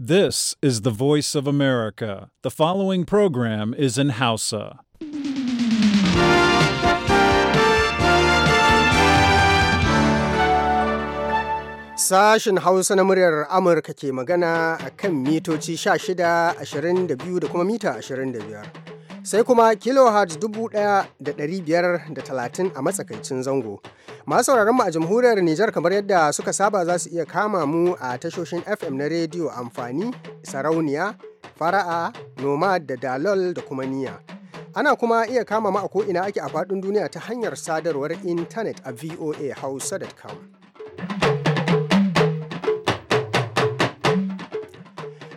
This is the voice of America. The following program is in Hausa. Sashen Hausa na muryar Amurka ke magana a kan mitoci 16, 22 da kuma mita 25. sai kuma kilohertz talatin a matsakaicin zango. Masu mu a jamhuriyar Nijar kamar yadda suka saba za su iya kama mu a tashoshin FM na rediyo amfani, sarauniya, fara'a, noma da dalol da kuma niya. Ana kuma iya kama ma a ko'ina ake a faɗin duniya ta hanyar sadarwar intanet a voa hausa.com.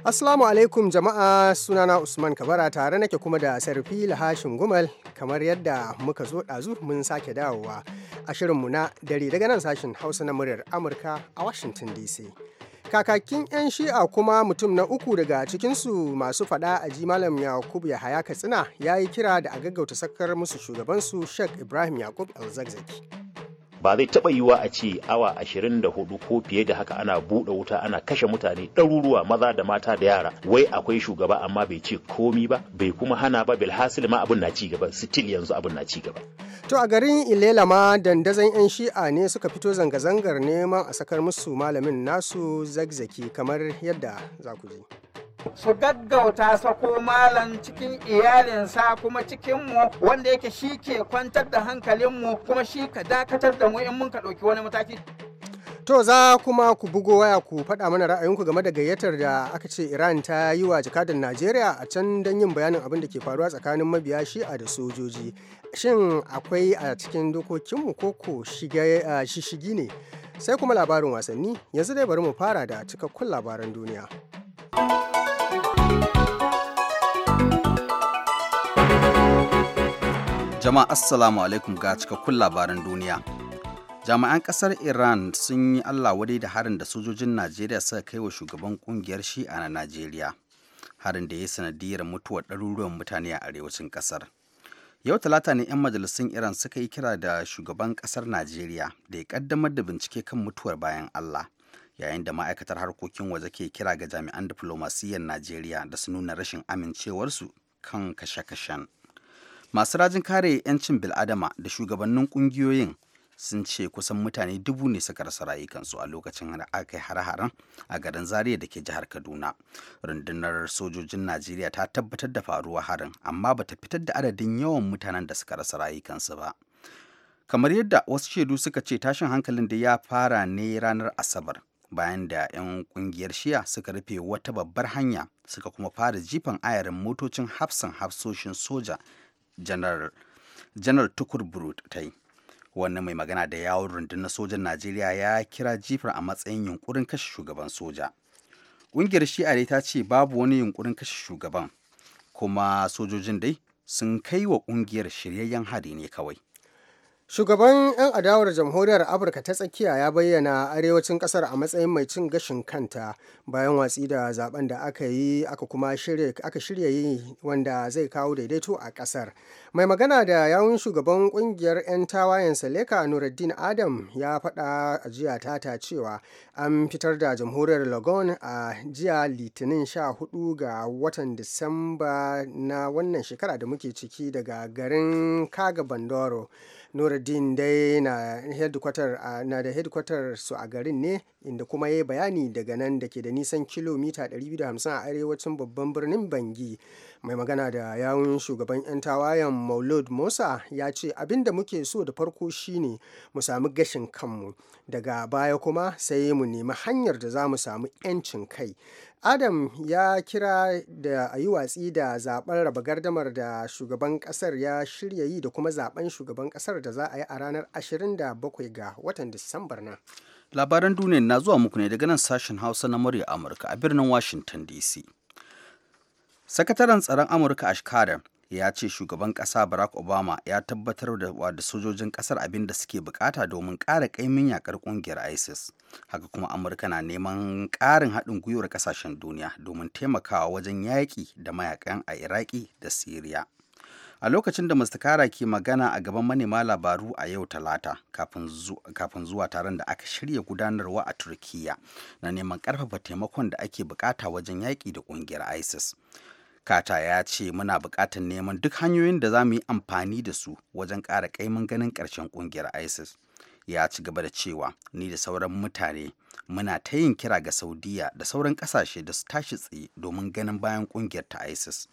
Assalamu alaikum jama'a sunana Usman Kabara tare nake kuma da Sarfi Lahashin Gumal kamar yadda muka zo ɗazu mun sake dawowa a shirinmu na dare daga nan sashin Hausa na muryar Amurka a Washington DC. Kakakin 'yan shi'a kuma mutum na uku daga cikinsu masu fada a ji Malam Yakub Yahaya Katsina ya yi kira da a gaggauta sakar musu shugabansu Sheikh Ibrahim Yakub el ba zai taɓa yiwa a ce awa 24 ko fiye da haka ana buɗe wuta ana kashe mutane ɗaruruwa maza da mata da yara wai akwai shugaba amma bai ce komi ba bai kuma hana ba bilhasil ma abin na ci gaba sitil yanzu abin na ci gaba to a garin ilela ma dandazan yan shi'a ne suka fito zanga-zangar neman a sakar musu malamin nasu zagzaki kamar yadda za ku ji su gaggauta sako malam cikin iyalinsa kuma cikinmu wanda yake shi ke kwantar da hankalinmu kuma shi ka dakatar da mu in mun ka ɗauki wani mataki. To za kuma ku bugo waya ku faɗa mana ra'ayinku game da gayyatar da aka ce Iran ta yi wa jakadan Najeriya a can don yin bayanin abin da ke faruwa tsakanin mabiya shi'a da sojoji. Shin akwai a cikin dokokinmu ko ko shishigi ne? Sai kuma labarin wasanni yanzu dai bari mu fara da cikakkun labaran duniya. Jama'a Assalamu alaikum ga cikakkun labaran duniya. Jami'an kasar Iran sun yi Allah wadai da harin da sojojin Najeriya suka kai wa shugaban kungiyar Shi'a na Najeriya. Harin da ya yi sanadiyar mutuwar ɗaruruwan mutane a arewacin kasar. Yau talata ne 'yan majalisun Iran suka yi kira da shugaban kasar Najeriya da ya ƙaddamar da bincike kan mutuwar bayan Allah. yayin da ma'aikatar harkokin waje ke kira ga jami'an diflomasiyyar najeriya da su nuna rashin amincewarsu kan kashe-kashen masu rajin kare 'yancin bil'adama da shugabannin ƙungiyoyin sun ce kusan mutane dubu ne suka rasa rayukansu a lokacin da aka yi hare-haren a garin zariya da ke jihar kaduna rundunar sojojin najeriya ta tabbatar da faruwa harin amma ba ta fitar da adadin yawan mutanen da suka rasa rayukansu ba kamar yadda wasu shaidu suka ce tashin hankalin da ya fara ne ranar asabar bayan da 'yan kungiyar shiya suka rufe wata babbar hanya suka kuma fara jifan ayarin motocin hafsan hafsoshin soja janar brut wani yi wannan mai magana da yawon rundunar sojan najeriya ya kira jifar a matsayin yunkurin kashe shugaban soja ƙungiyar shi'a ta ce babu wani yunkurin kashe shugaban kuma sojojin dai sun kai wa kungiyar shiryayyen hari ne kawai Shugaban 'yan adawar jamhuriyar Afirka ta tsakiya ya bayyana arewacin kasar a matsayin mai cin gashin kanta bayan watsi da zaben da aka yi aka kuma aka shirya yi wanda zai kawo daidaito a kasar. Mai magana da yawun shugaban kungiyar 'yan tawayen Saleka Nuruddin Adam ya faɗa a jiya tata cewa an fitar da jamhuriyar Lagos a jiya Litinin 14 ga watan Disamba na wannan shekara da muke ciki daga garin Kaga Bandoro. nuruddin dai na headquarter na da headquarter su a garin ne inda kuma ya bayani daga nan da ke da nisan kilomita 250 a arewacin babban birnin bangi mai magana da yawun shugaban 'yan tawayen maulud musa ya ce abin da muke so da farko shine mu sami gashin kanmu daga baya kuma sai mu nemi hanyar da za mu samu 'yancin kai adam ya kira da a yi watsi da zaben raba gardamar da shugaban kasar ya shirya yi da kuma zaben shugaban kasar da za a yi a ranar 27 ga watan disambar nan labaran duniya na zuwa muku ne daga nan sashen hausa na murya amurka a birnin washington dc sakataren tsaron amurka a shikarar ya ce shugaban ƙasa barack obama ya tabbatar da sojojin ƙasar abin da suke bukata domin ƙara ƙaimin yakar ƙungiyar isis haka kuma amurka na neman ƙarin haɗin gwiwar ƙasashen duniya domin taimakawa wajen yaƙi da mayakan a iraki da siriya a lokacin da mustakara ke magana a gaban manema labaru a yau talata kafin zuwa taron da aka shirya gudanarwa a turkiya na neman karfafa taimakon da ake bukata wajen yaƙi da ƙungiyar isis kata ya ce muna buƙatar neman duk hanyoyin da za mu yi amfani da su wajen ƙara kaimin ganin ƙarshen ƙungiyar isis ya ci gaba da cewa ni da sauran mutane muna ta yin kira ga saudiya da sauran ƙasashe da su tashi tsaye domin ganin bayan ƙungiyar ta isis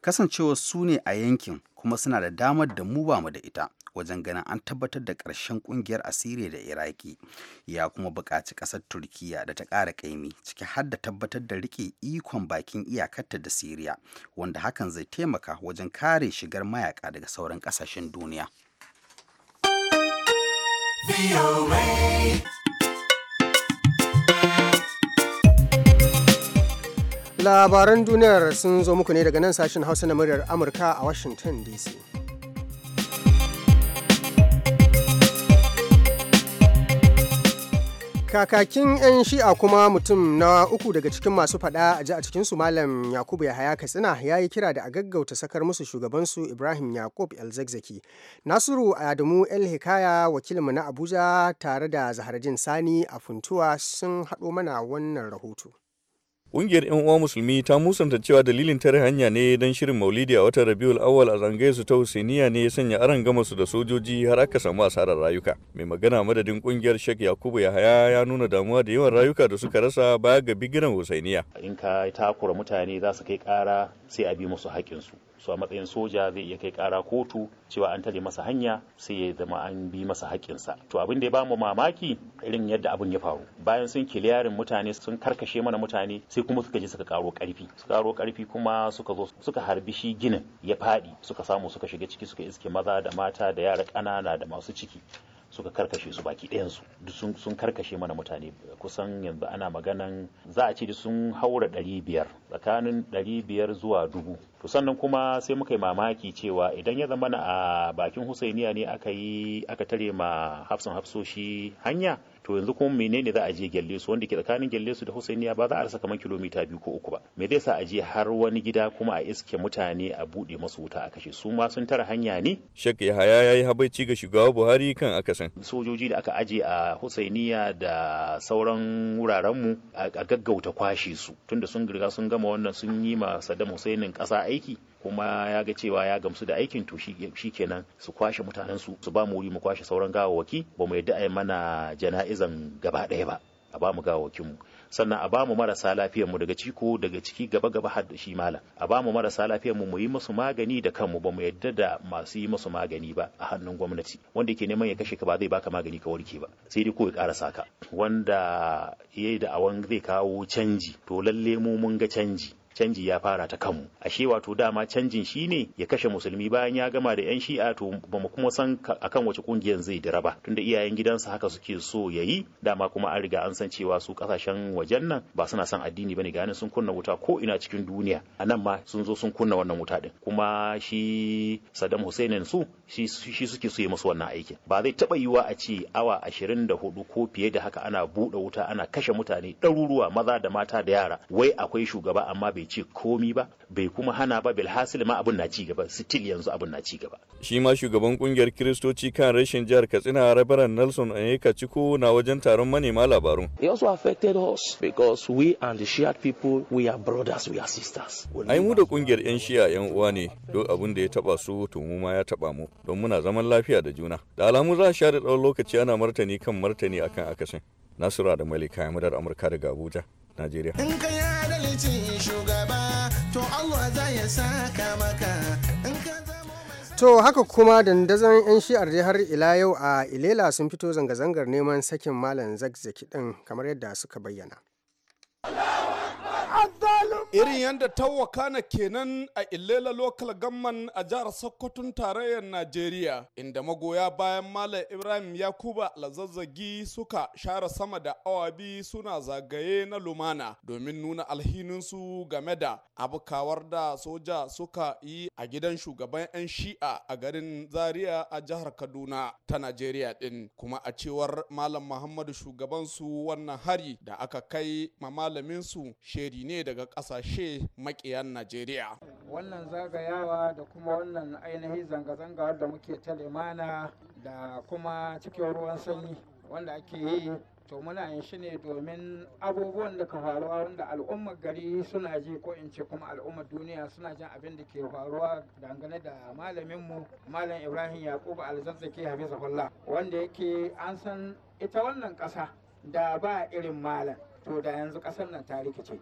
kasancewa su ne a yankin kuma suna da damar da mu ba mu da ita wajen ganin an tabbatar da ƙarshen ƙungiyar asiri da iraki ya kuma buƙaci ƙasar turkiya da ta ƙara ƙaimi ciki har da tabbatar da riƙe ikon bakin iyakarta da siriya wanda hakan zai taimaka wajen kare shigar mayaka daga sauran ƙasashen duniya. Labaran duniyar sun zo muku ne daga nan sashen Hausa na muryar Amurka a Washington DC. kakakin 'yan shi'a kuma mutum na uku daga cikin masu fada a ji a cikinsu malam yakubu yahaya katsina ya yi kira da a gaggauta sakar musu shugabansu ibrahim yakub elzakzaki nasiru adamu el hikaya wakilinmu na abuja tare da zaharjin sani a funtuwa sun haɗo mana wannan rahoto Ƙungiyar 'yan uwa musulmi ta musanta cewa dalilin tare hanya ne don shirin maulidi a watan Rabiul Awwal a zangaye su ta Husainiya ne ya sanya aron gama su da sojoji har aka samu asarar rayuka. Mai magana madadin ƙungiyar Sheikh Yakubu Yahaya ya nuna damuwa da yawan rayuka da suka rasa baya ga bigiran Husainiya. In ka takura mutane za su kai ƙara sai a bi musu haƙƙinsu. su a matsayin soja zai iya kai kara kotu cewa an tare masa hanya sai ya zama an bi masa haƙƙinsa to abin da ya bamu mamaki irin yadda abin ya faru bayan sun kiliyarin mutane sun karkashe mana mutane sai kuma suka je suka karo karfi suka karo karfi kuma suka zo suka harbi shi ginin ya faɗi suka samu suka shiga ciki suka iske maza da mata da yara ƙanana da masu ciki suka karkashe su baki ɗayansu duk sun karkashe mana mutane kusan yanzu ana maganan za a ce sun haura ɗari biyar tsakanin ɗari biyar zuwa dubu to sannan kuma sai muka yi mamaki cewa idan ya zama a bakin husainiya ne aka yi aka tare ma hafsan hafsoshi hanya to yanzu kuma menene za a je gelle su wanda ke tsakanin gelle su da husainiya ba za a rasa kamar kilomita biyu ko uku ba me zai sa a je har wani gida kuma a iske mutane a bude masu wuta a kashe su ma sun tara hanya ne ya haya yayi habaici ga shugaba buhari kan akasan sojoji da aka aje a husainiya da sauran wuraren mu a gaggauta kwashe su tunda sun riga sun gama wannan sun yi ma saddam husainin kasa aiki kuma ya ga cewa ya gamsu da aikin to shi kenan su kwashe mutanen su su ba mu wuri mu kwashe sauran gawawwaki ba mu yadda a mana jana'izan gaba ɗaya ba a ba mu gawawakin mu sannan a ba mu marasa lafiyar mu daga ciko daga ciki gaba gaba har da shi malam a ba mu marasa lafiyar mu mu yi musu magani da kanmu ba mu yadda da masu yi musu magani ba a hannun gwamnati wanda yake neman ya kashe ka ba zai baka magani ka warke ba sai dai ko ya ka. saka wanda yayi da awan zai kawo canji to lalle mu mun ga canji canji ya fara ta kanmu ashe wato dama canjin shine ya kashe musulmi bayan ya gama da yan shi'a to ba mu kuma san akan wace kungiyar zai dira ba tunda iyayen gidansa haka suke so ya yayi dama kuma an riga an san cewa su kasashen wajen nan ba suna son addini bane ganin sun kunna wuta ko ina cikin duniya a nan ma sun zo sun kunna wannan wuta din kuma shi Saddam Hussein su shi suke so ya musu wannan aikin ba zai taba yiwa a ce awa 24 ko fiye da haka ana buɗe wuta ana kashe mutane ɗaruruwa maza da mata da yara wai akwai shugaba amma bai ce komi ba bai kuma hana ba bilhasil ma abun na ci gaba still yanzu abun na ci gaba shi ma shugaban kungiyar kiristoci kan rashin jihar katsina rabaran nelson anyeka ciko na wajen taron manema labarun he also affected us because we and the shared people we are brothers we are sisters ai mu da kungiyar yan shi'a yan uwa ne duk abun da ya taba su to mu ma ya taba mu don muna zaman lafiya da juna da alamu za a share tsawon lokaci ana martani kan martani akan akasin nasura da malika ya murar amurka daga abuja najeriya in ka ya adalci shugaba to allah za ya saka maka To haka kuma dandazon 'yan shi'ar dai har ila yau a Ilela sun fito zanga-zangar neman sakin Malam Zakzaki din kamar yadda suka bayyana. irin yadda tawakana kenan a illela local gamman a jihar sokoton tarayyar najeriya inda magoya bayan malam ibrahim yakuba lazazzagi suka share sama da awa awabi suna zagaye na lumana domin nuna alhininsu game da abukawar da soja suka yi a gidan shugaban 'yan shi'a a garin zaria a jihar kaduna ta najeriya din kuma a cewar malam muhammadu shugabansu wannan hari da aka kai ma malaminsu sheri ne daga ƙasa ƙasashe makiyan Najeriya. Wannan zagayawa da kuma wannan ainihin zanga-zanga da muke ta limana da kuma cikin ruwan sanyi wanda ake yi to muna yin shi ne domin abubuwan da ka faruwa wanda al'ummar gari suna ji ko in ce kuma al'ummar duniya suna jin abin da ke faruwa dangane da malaminmu malam ibrahim yakubu alzazzaki hafizahullah wanda yake an san ita wannan ƙasa da ba irin malam to da yanzu ƙasar nan ta rikice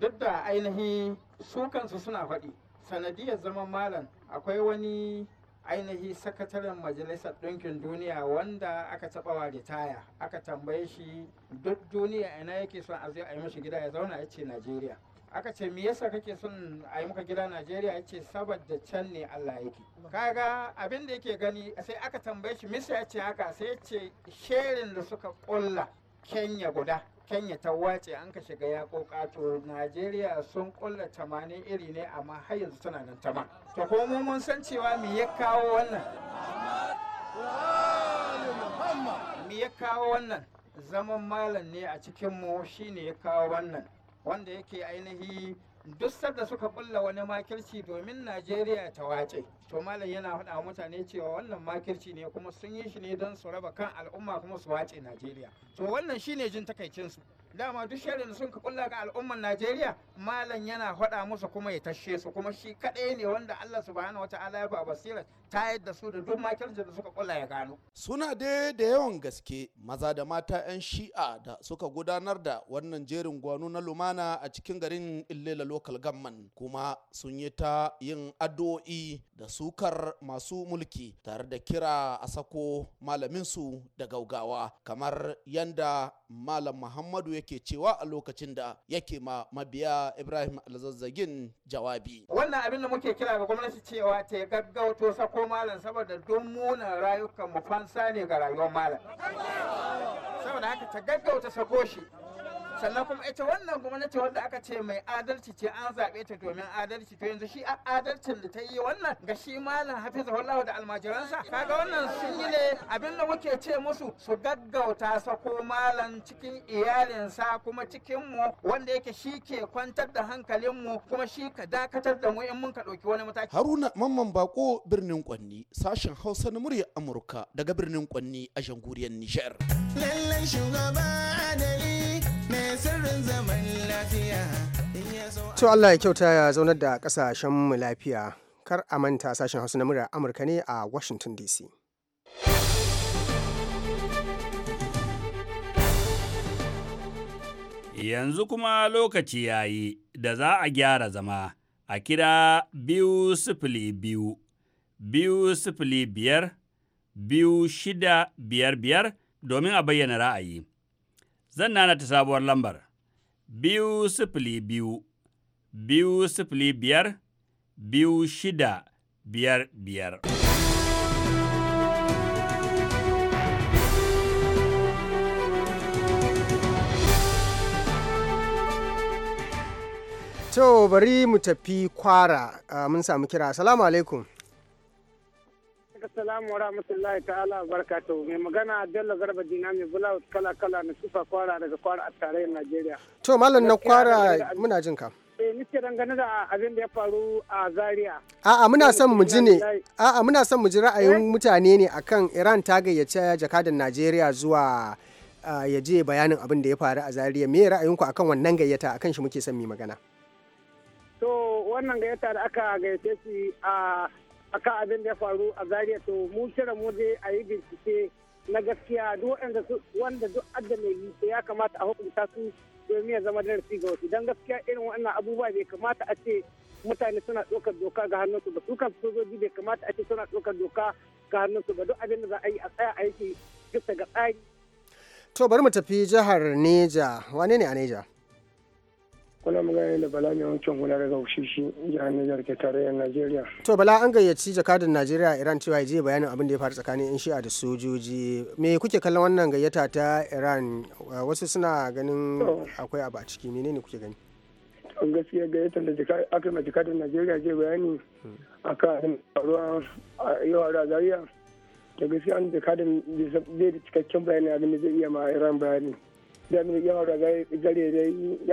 duk da ainihi su suna faɗi sanadiyar zaman malam akwai wani ainihi sakataren majalisar ɗinkin duniya wanda aka taɓa wa ritaya aka tambaye shi duk duniya ina yake son a a yi mashi gida ya zauna ya ce najeriya aka ce me yasa kake son a yi maka gida najeriya ya ce saboda can ne allah yake kaga abin da yake gani sai aka tambaye shi misa ya ce haka sai ya ce sherin da suka ƙulla kenya guda kenya ta wace an ka shiga ya kokato najeriya sun kulla tamanin iri ne amma har yanzu tana nan tama to ko mun san cewa me ya kawo wannan me ya kawo wannan zaman malam ne a cikin mu shine ya kawo wannan wanda yake ainihi duk sanda suka kulla wani makirci domin najeriya ta wace to malam yana faɗa mutane cewa wannan makirci ne kuma sun yi shi ne don su raba kan al'umma kuma su wace najeriya to wannan shine jin takaicinsu dama duk shirin sun ka kulla ga al'ummar Najeriya malam yana faɗa musu kuma ya tashe su kuma shi kaɗai ne wanda Allah subhanahu ta'ala ya ba basira ta yadda su da duk makirci da suka kulla ya gano suna dai da yawan gaske maza da mata 'yan shi'a da suka gudanar da wannan jerin gwano na lumana a cikin garin Illela local gamman kuma sun yi ta yin addu'o'i da sukar masu mulki tare da kira a sako malaminsu da gaugawa kamar yanda malam Muhammadu ya yake cewa a lokacin da yake ma mabiya Ibrahim Alzazzagin jawabi. Wannan abin da muke kira ga gwamnati cewa ta gaggauto sako malam saboda don munan rayukan mu fansa ne ga rayuwar malam. Saboda haka ta gaggauta sako shi sannan kuma ita wannan gwamnati wanda aka ce mai adalci ce an zaɓe ta domin adalci to yanzu shi adalcin da ta yi wannan ga shi malam hafiza wallahu da almajiransa kaga wannan sun yi ne abin da muke ce musu su gaggauta sako malam cikin iyalinsa kuma cikin mu wanda yake shi ke kwantar da hankalin mu kuma shi ka dakatar da mu in mun ka ɗauki wani mataki. Haruna Mamman Bako birnin Kwanni sashen Hausa na murya Amurka daga birnin Kwanni a jamhuriyar Nijar. lallan shugaba adali zaman lafiya to Allah ya kyauta ya zaunar da kasashen mu lafiya kar a manta sashen hausa na murar amurka ne a washington dc yanzu kuma lokaci ya yi da za a gyara zama a kira biyu sifili biyu biyu sifili biyar biyu shida biyar biyar domin a bayyana ra'ayi. Zan nana ta sabuwar lambar biyu sifili biyu, biyu sifili biyar, biyu shida biyar biyar. To bari mu tafi kwara ah, mun samu kira. Assalamu alaikum. Assalamu wa rahmatullahi ta'ala barakatuhu. Mai magana Bello Garba Dina mai bula kala kala na sufa kwara daga kwara a tarayyar Najeriya. To malam na kwara muna jin ka. Eh nike dangane da abin da ya faru a Zaria. A'a muna son mu ji ne. A'a muna son mu ji ra'ayin eh? mutane ne akan Iran ta gayyace jakadan Najeriya zuwa ya je bayanin abin da ya faru a Zaria. Me ra'ayinku akan wannan gayyata akan shi muke son mu magana? To wannan gayyata da aka gayyace shi a akan abin da ya faru a zaria to mu kira mu je a yi bincike na gaskiya duk wanda wanda duk adda mai yi ya kamata a hukunta su domin ya zama darasi ga wasu don gaskiya irin wannan abubuwa bai kamata a ce mutane suna ɗaukar doka ga hannunsu ba su sojoji bai kamata a ce suna ɗaukar doka ga hannunsu ba duk abin da za a yi a tsaya a yake bisa ga tsari. To bari mu tafi jihar Neja wane ne a Neja? kuna magana da bala mai wankin hula daga ushishi jihar niger ke tarayyar Najeriya. To bala an gayyaci jakadun Najeriya a Iran cewa je bayanin abin da ya faru tsakanin yan shi'a da sojoji. Me kuke kallon wannan gayyata ta Iran wasu suna ganin akwai abu a ciki menene kuke gani? an gaskiya gayyatar da aka ma jakadun Najeriya je bayani hmm. a kan faruwa a yau a razariya Da gaskiya an jakadun zai da cikakken bayani abin da zai iya ma Iran bayani. da yawan ya faru gare da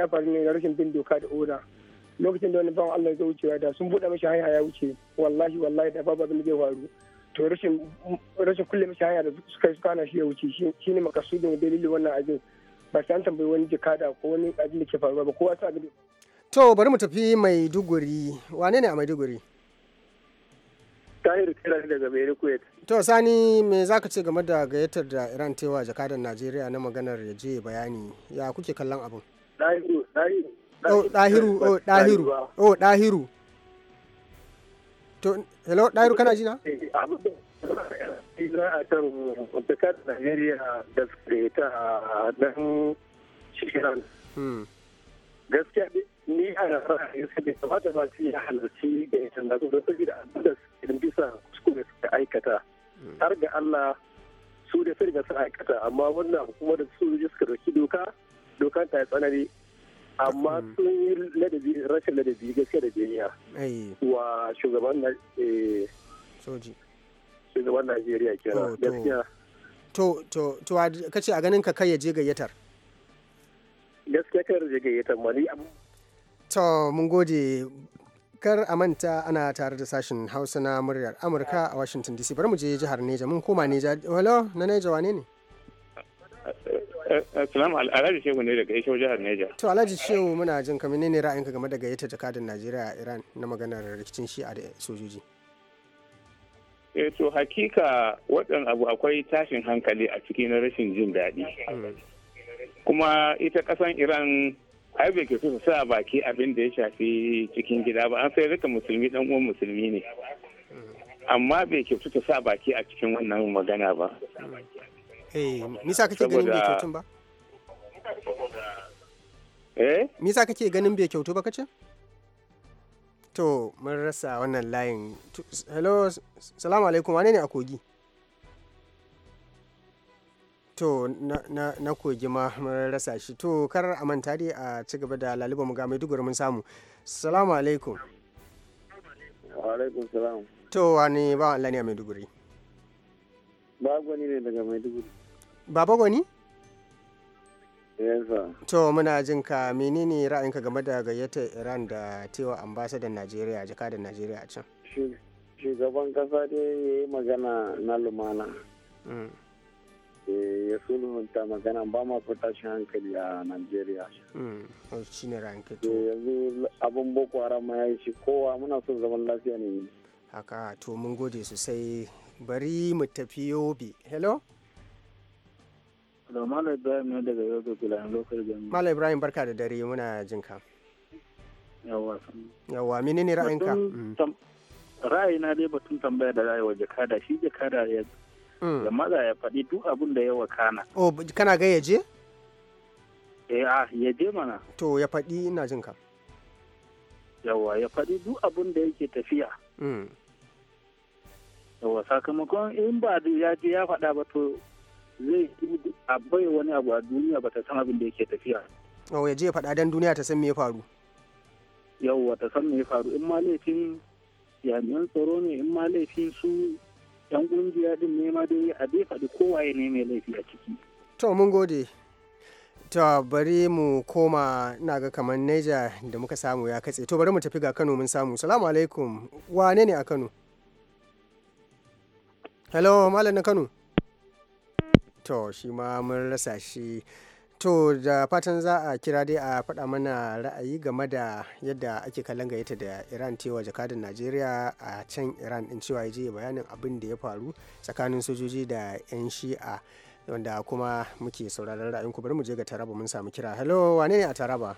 ya faru ne rashin bin doka da oda lokacin da wani ban Allah zai wucewa da sun buɗe mashi hanya ya wuce wallahi wallahi da babu abin da zai faru to rashin kulle mashi hanya da suka yi kana shi ya wuce shi ne makasudin dalilin wannan abin ba sai an tambayi wani jikada ko wani abin da ke faruwa ba kowa sa abin to bari mu tafi maiduguri wane ne a maiduguri Tahir Tiran daga Benin Kuwait. To Sani me za ka ce game da gayyatar da Iran tewa jakadan Najeriya na maganar ya je bayani ya kuke kallon abin? Dahiru, Dahiru. Oh, Dahiru, oh, oh, To, hello, Dahiru kana ji na? Ina a kan jakadan Najeriya da ta nan shi hmm. Gaskiya ni a ra'ayin sa bai kamata ba su ya halarci da ita na zuwa saboda abin da suke bisa kuskure suka aikata har ga Allah su da su riga sun aikata amma wannan kuma da su ji suka dauki doka dokan ta tsanani amma mm. sun yi ladabi rashin ladabi gaskiya da biyayya wa shugaban eh, soji shugaban Najeriya kenan oh, gaskiya to to to kace a ganin ka kai ya je gayyatar gaskiya kai ya je gayyatar mali amma To mun gode kar a manta ana tare da sashen Hausa na muryar Amurka a Washington DC. Bari mu je jihar Neja mun koma Neja. Hello na Neja wane ne? Eh, salamu Alhaji Shehu ne daga Isho jihar Neja. To Alhaji Shehu muna jin ne ne ra'ayinka game da gayyatar jakadin Najeriya a Iran na maganar rikicin shi'a da sojoji? Eh to hakika waɗannan abu akwai tashin hankali a ciki na rashin jin daɗi. Hmm. Kuma ita ƙasan Iran ai bai ke su sa baki abin da ya shafi cikin gida ba an sai rika musulmi dan uwan musulmi ne amma bai ke ta sa baki a cikin wannan magana ba eh misa kake ganin bai kyautun ba eh kake ganin bai kyautu ba kace to mun rasa wannan layin hello salamu alaikum wane ne a kogi to na kogi ma rasa shi to kar a manta dai a ci gaba da laliba mu ga maiduguri mun samu salamu alaikum alaikum salam to wani ba Allah ne a Ba gwani ne daga mai maiduguri baba gwani to muna jin ka menene ra'ayinka game da gayyata iran da tewa ambasadan najeriya jakadan najeriya a can shugaban kasa dai ya yi magana na lumana mm. Eh, ya ta magana ba ma tashin hankali a Najeriya. Hmm, shi ne eh, yanzu abin boko haram ya yi shi kowa muna son zaman lafiya ne haka to mun gode sosai bari mu tafi yobe hello mallam Ibrahim ne daga Yobe Gulayen Lokar jami'a. Mallam Ibrahim barka da dare muna jin ka. Yawwa. Yawwa menene ra'ayinka? Hmm. Ra'ayina dai batun tambaya da ra'ayi wa jakada shi jakada ya ya mm. maza ya faɗi duk abin da ya kana. Oh, kana ga yaje? Eh, ah, ya yaje mana. To, ya faɗi ina jin ka. Yawa, ya faɗi duk abin da yake tafiya. Mm. Yawa, sakamakon in ba ya je ya faɗa ba to zai abai wani abu a duniya ba ta san abin da yake tafiya. Oh, ya je ya faɗa don duniya ta san me ya faru. Yawa, ta san me ya faru. In ma laifin jami'an tsaro ne, in ma laifin su yan kungiya din ne ma dai a bai faɗi kowaye ne mai laifi a ciki to mun gode to bari mu koma na ga kamar neja da muka samu ya katse to bari mu tafi ga kano mun samu salamu alaikum wane ne a kano hello malam na kano to shi ma mun rasa shi to da fatan za a kira dai a faɗa mana ra'ayi game da yadda ake kallon gayyata da iran tewa jakadar najeriya a can iran in cewa je bayanin abin da ya faru tsakanin sojoji da 'yan shi'a wanda kuma muke sauraron ra'ayinku bari mu je ga taraba mun samu kira hello wane ne a taraba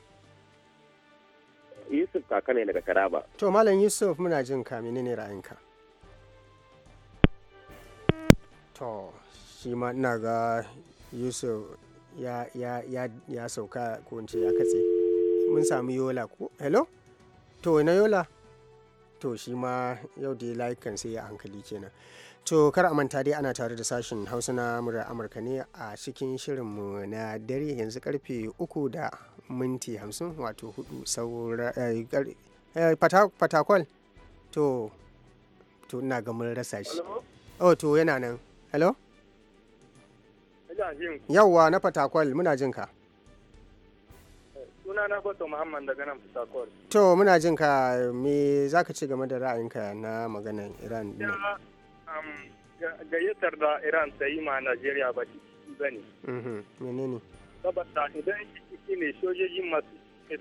yusuf kaka ne daga taraba to malam yusuf muna jin ka menene ra'ayinka to shi ma ina ga yusuf ya sauka ko in ya katse mun samu yola ko hello to na yola to shi ma yau dai layukan sai ya hankali kenan to kar a manta dai ana tare da sashen hausa na murar amurka ne a cikin shirin mu na dare yanzu karfe uku da minti hamsin wato hudu saura eh, eh, to to ina ga rasa shi oh to yana nan hello Yawwa na Fatakwal muna jin ka. Suna na Kwato Muhammad daga nan Fatakwal. To muna jin ka me za ka ci game da ra'ayinka na maganin Iran ne Gayyatar da Iran ta yi ma Najeriya ba shi ba ne. Mhm, menene? Saboda idan shi ne sojojin masu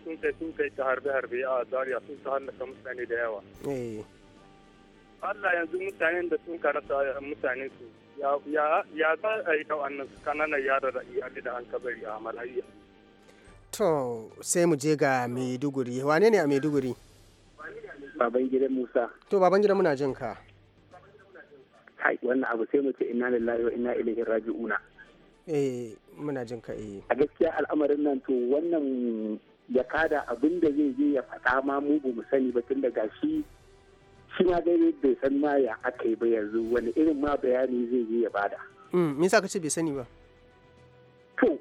sun kai sun kai ta harbe-harbe a Zaria sun ta hannaka mutane da yawa. Eh. Allah yanzu mutanen da sun karanta mutane su ya za a yi da wannan kananan yara da iyali da an kabari a malaria to sai mu je ga maiduguri wane ne a maiduguri baban gidan musa to baban gidan muna jin ka Hai wannan abu sai mu ce inna lillahi wa inna ilaihi raji'una eh muna jin ka eh a gaskiya al'amarin nan to wannan ya kada abin da zai je ya faɗa ma mu ba mu sani ba tun daga shi shi ma dai bai san ma ya aka yi ba yanzu wani irin ma bayani zai yi ya bada. Mm, me ka ce bai sani ba? To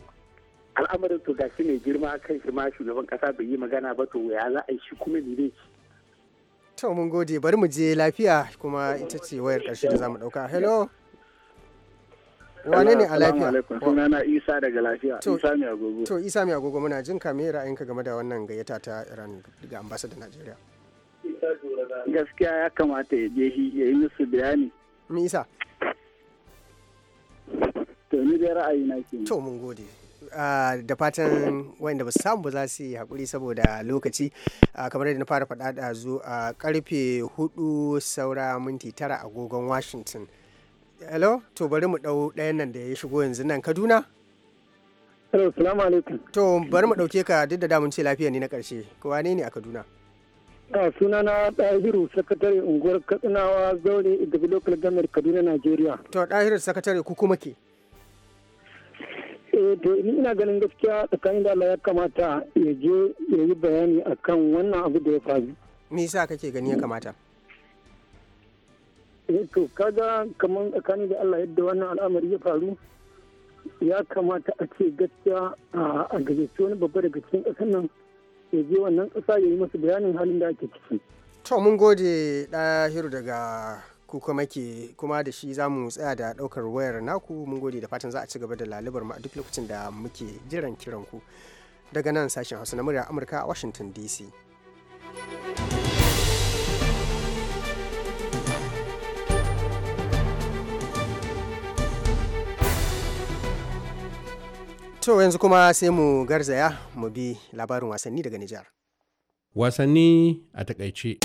al'amarin to ga shi ne girma kan shi ma shugaban kasa bai yi magana ba to ya za a yi shi kuma ne zai To mun gode bari mu je lafiya kuma ita ce wayar karshe da zamu dauka. Hello. Wane ne a lafiya? Sunana Isa daga lafiya. Isa mai agogo. To Isa mai agogo muna jin ka me ra'ayinka game da wannan gayyata ta Iran ga ambassador Najeriya. Isa gaskiya ya kamata ya je shi ya yi musu bayani nisa to ni dai ra'ayi na ke to mun gode ah, da fatan wanda ba su samu ba za su yi haƙuri saboda lokaci ah, kamar yadda na fara faɗa da zo a ah, ƙarfe hudu saura minti tara agogon washington hello to bari mu ɗau ɗayan nan da ya shigo yanzu nan kaduna hello salamu alaikum to bari mu ɗauke ka duk da damun ce lafiya ne na ƙarshe kowa ne ne a kaduna a sunana ɗahiru sakatare unguwar katsinawa zaure daga local government kaduna nigeria to ɗahiru sakatare ku kuma ke eh to ni ina ganin gaskiya tsakanin da Allah ya kamata ya je ya yi bayani akan wannan abu da ya faru me yasa kake gani ya kamata eh to kaga kaman tsakanin da Allah yadda wannan al'amari ya faru ya kamata a ce gaskiya a gaje wani babba daga cikin ƙasar nan ya je wannan ƙasa ya yi masu bayanin halin da ake ciki. To mun gode ɗahiru daga kuka make kuma da shi za mu tsaya da ɗaukar wayar naku mun gode da fatan za a ci gaba da lalubar mu a duk lokacin da muke jiran kiran ku daga nan sashen hausa na murya amurka a washington dc. To yanzu kuma sai mu garzaya mu bi labarin wasanni daga Nijar. Wasanni a takaice.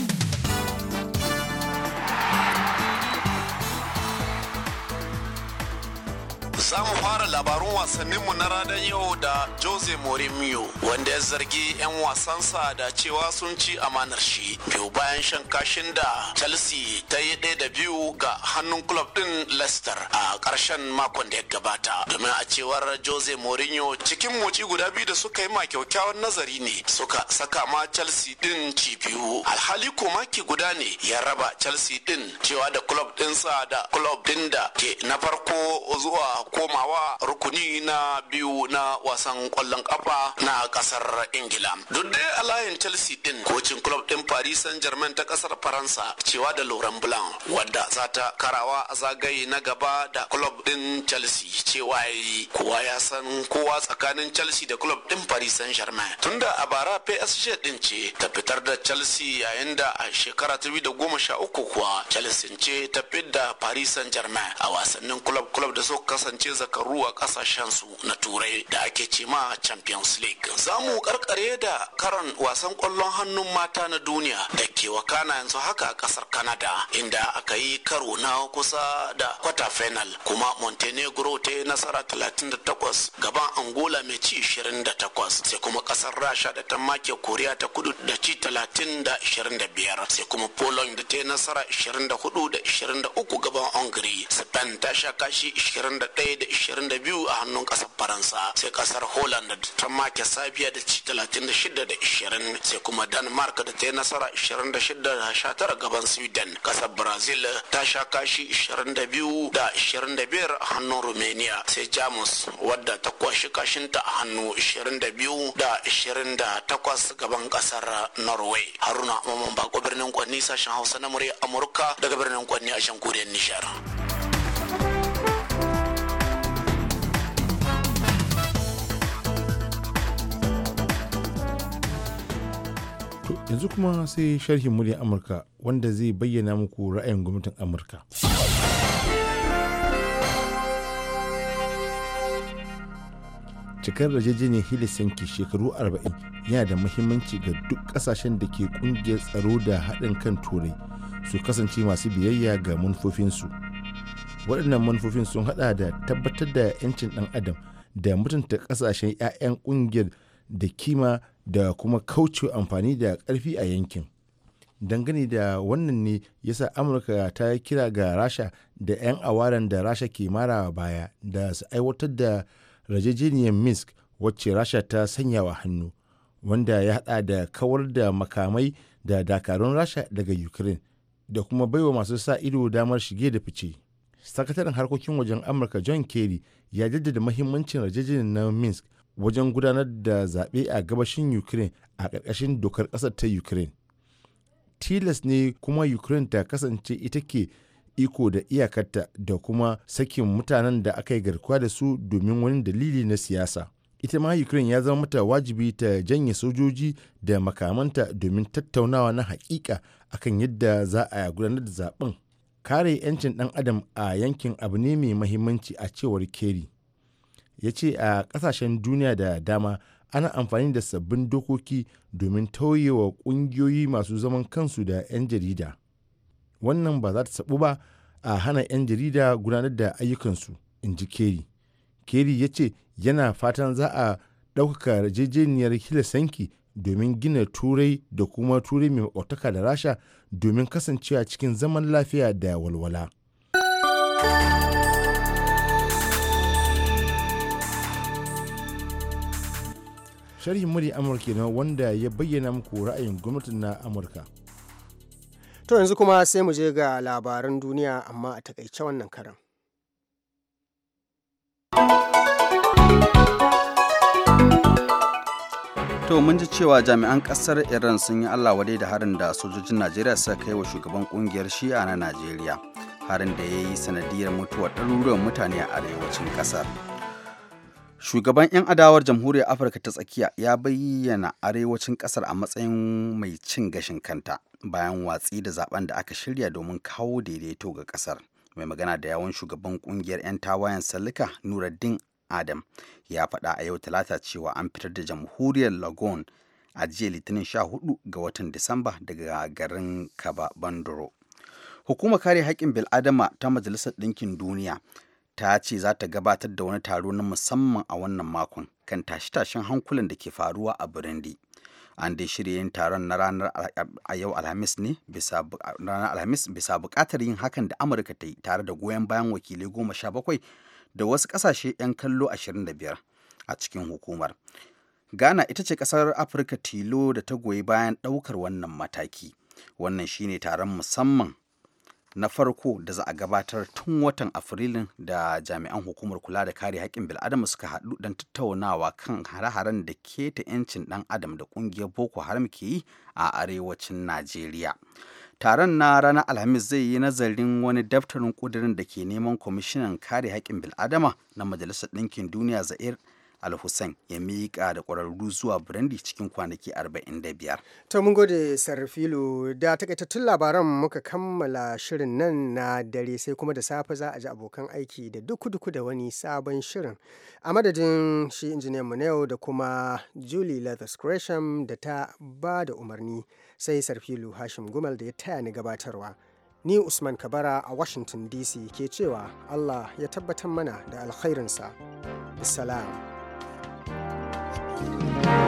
labarun wasannin mu na ranar yau da Jose Mourinho wanda ya zargi 'yan wasansa da cewa sun ci amanar shi biyu bayan shan kashin da Chelsea ta yi ɗaya da biyu ga hannun club ɗin Leicester a ƙarshen makon da ya gabata. Domin a cewar Jose Mourinho cikin moci guda biyu da suka yi ma kyakkyawan nazari ne suka saka ma Chelsea ɗin ci biyu. Alhali ko maki guda ne ya raba Chelsea ɗin cewa da club ɗinsa da club ɗin da ke na farko zuwa komawa rukuni na biyu na wasan kwallon kafa na kasar ingila duk dai a layin chelsea din kocin club din paris saint germain ta kasar faransa cewa da loran blanc wadda za ta karawa a zagaye na gaba da club din chelsea cewa yi. kowa ya san kowa tsakanin chelsea da club din paris saint germain tunda a bara psg din ce ta fitar da chelsea yayin da a shekara ta goma sha uku kuwa chelsea ce ta da paris saint germain a wasannin club club da suka kasance zakaru a kasashen su na turai da ake ce ma champions league za mu karkare da karan wasan kwallon hannun mata na duniya da ke wakana yanzu haka a kasar canada inda aka yi karo na kusa da kwata final kuma montenegro ta yi nasara 38 gaban angola mai ci 28 sai kuma kasar rasha da ta make koriya ta kudu da ci 30 da 25 sai kuma poland da ta yi nasara 24 da 23 gaban hungary spain ta sha kashi 21 da 22 biyu a hannun kasar faransa sai kasar holland da ta make sabiya da ci 36 da 20 sai kuma denmark da ta yi nasara 26 da 19 gaban sweden kasar brazil ta sha kashi 22 da 25 a hannun romania sai jamus wadda ta kwashi kashinta a hannu 22 da 28 gaban kasar norway haruna mamman bako birnin kwanni sashen hausa na murya amurka daga birnin kwanni a shan kuriyar nishar yanzu kuma sai sharhin muryar amurka wanda zai bayyana muku ra'ayin gwamnatin amurka cikar rajajeniyar hilisanki shekaru 40 yana da mahimmanci ga duk kasashen da ke kungiyar tsaro da haɗin kan turai su kasance masu biyayya ga manufofinsu waɗannan manufofin sun haɗa da tabbatar da 'yancin ɗan adam da mutunta kasashen 'ya'yan kungiyar da kima da kuma kauce amfani da karfi a yankin dangane da wannan ne yasa amurka ta yi kira ga rasha da 'yan awaran da rasha ke mara baya da su aiwatar da rajejeniyar minsk wacce rasha ta sanya wa hannu wanda ya hada da kawar da makamai da dakarun rasha daga ukraine da kuma baiwa masu sa ido damar shige da fice sakataren harkokin wajen amurka john kerry ya jaddada mahimmancin rajejeniyar na minsk wajen gudanar da zaɓe a gabashin ukraine a ƙarƙashin dokar ƙasar ta ukraine tilas ne kuma ukraine ta kasance ita ke iko da iyakarta da kuma sakin mutanen da aka yi garkuwa da su domin wani dalili na siyasa ita ma ukraine ya zama mata wajibi ta janye sojoji da makamanta domin tattaunawa na hakika akan yadda za a gudanar da zaɓen? kare 'yancin ɗan adam a yankin abu ne mai mahimmanci a cewar keri ya ce a kasashen duniya da dama ana amfani da sabbin dokoki domin tauyewa kungiyoyi masu zaman kansu da 'yan jarida wannan ba za ta sabu ba a hana 'yan jarida gudanar da ayyukansu in ji keri keri ya ce yana fatan za a ɗaukaka yarjejeniyar hilasanki domin gina turai da kuma turai mai makwataka da rasha domin kasancewa cikin zaman lafiya da walwala. sharhin muri amurka na wanda ya bayyana muku ra'ayin gwamnatin na amurka to yanzu kuma sai mu je ga labaran duniya amma a takaice wannan karan To mun ji cewa jami'an kasar Iran sun yi Allah wadai da harin da sojojin Najeriya suka kai wa shugaban kungiyar Shi'a na Najeriya. Harin da ya yi sanadiyar mutuwar ɗaruruwan mutane a arewacin kasar. shugaban 'yan adawar jamhuriyar afirka ta tsakiya ya bayyana arewacin kasar a matsayin mai cin gashin kanta bayan watsi da zaben da aka shirya domin kawo daidaito ga kasar mai magana da yawon shugaban kungiyar 'yan tawayen sallika nuruddin adam ya faɗa a yau talata cewa an fitar da jamhuriyar lagon a jiya litinin hudu ga watan disamba daga garin kaba bandoro hukumar kare haƙƙin bil'adama ta majalisar ɗinkin duniya ta ce za ta gabatar da wani taro na musamman a wannan makon kan tashe-tashen hankulan da ke faruwa a Burundi. An dai shirya yin taron na ranar a yau Alhamis ne ranar Alhamis bisa buƙatar yin hakan da Amurka ta yi tare da goyon bayan wakilai goma sha bakwai da wasu ƙasashe 'yan kallo da biyar a cikin hukumar. Ghana ita ce ƙasar Afirka tilo da ta goyi bayan ɗaukar wannan mataki. Wannan shine taron musamman na farko da za a gabatar tun watan afrilun da jami'an hukumar kula da kare haƙƙin bil'adama suka haɗu don tattaunawa kan hare-haren da keta 'yancin ɗan adam da ƙungiyar boko haram ke yi a arewacin najeriya taron na ranar alhamis zai yi nazarin wani daftarin ƙudurin da ke neman kwamishinan kare haƙƙin bil'adama na majalisar ɗinkin duniya za'ir alhussain ya miƙa da ƙwararru zuwa burundi cikin kwanaki 45 to mun gode sarfilo da takaitattun labaran muka kammala shirin nan na dare sai kuma da safe za a ji abokan aiki da duku-duku da wani sabon shirin a madadin shi injiniyan mu yau da kuma julie leathers gresham da ta ba da umarni sai sarfilo hashim gumal da ya taya ni gabatarwa ni usman kabara a washington dc ke cewa allah ya tabbatar mana da alkhairinsa salam Música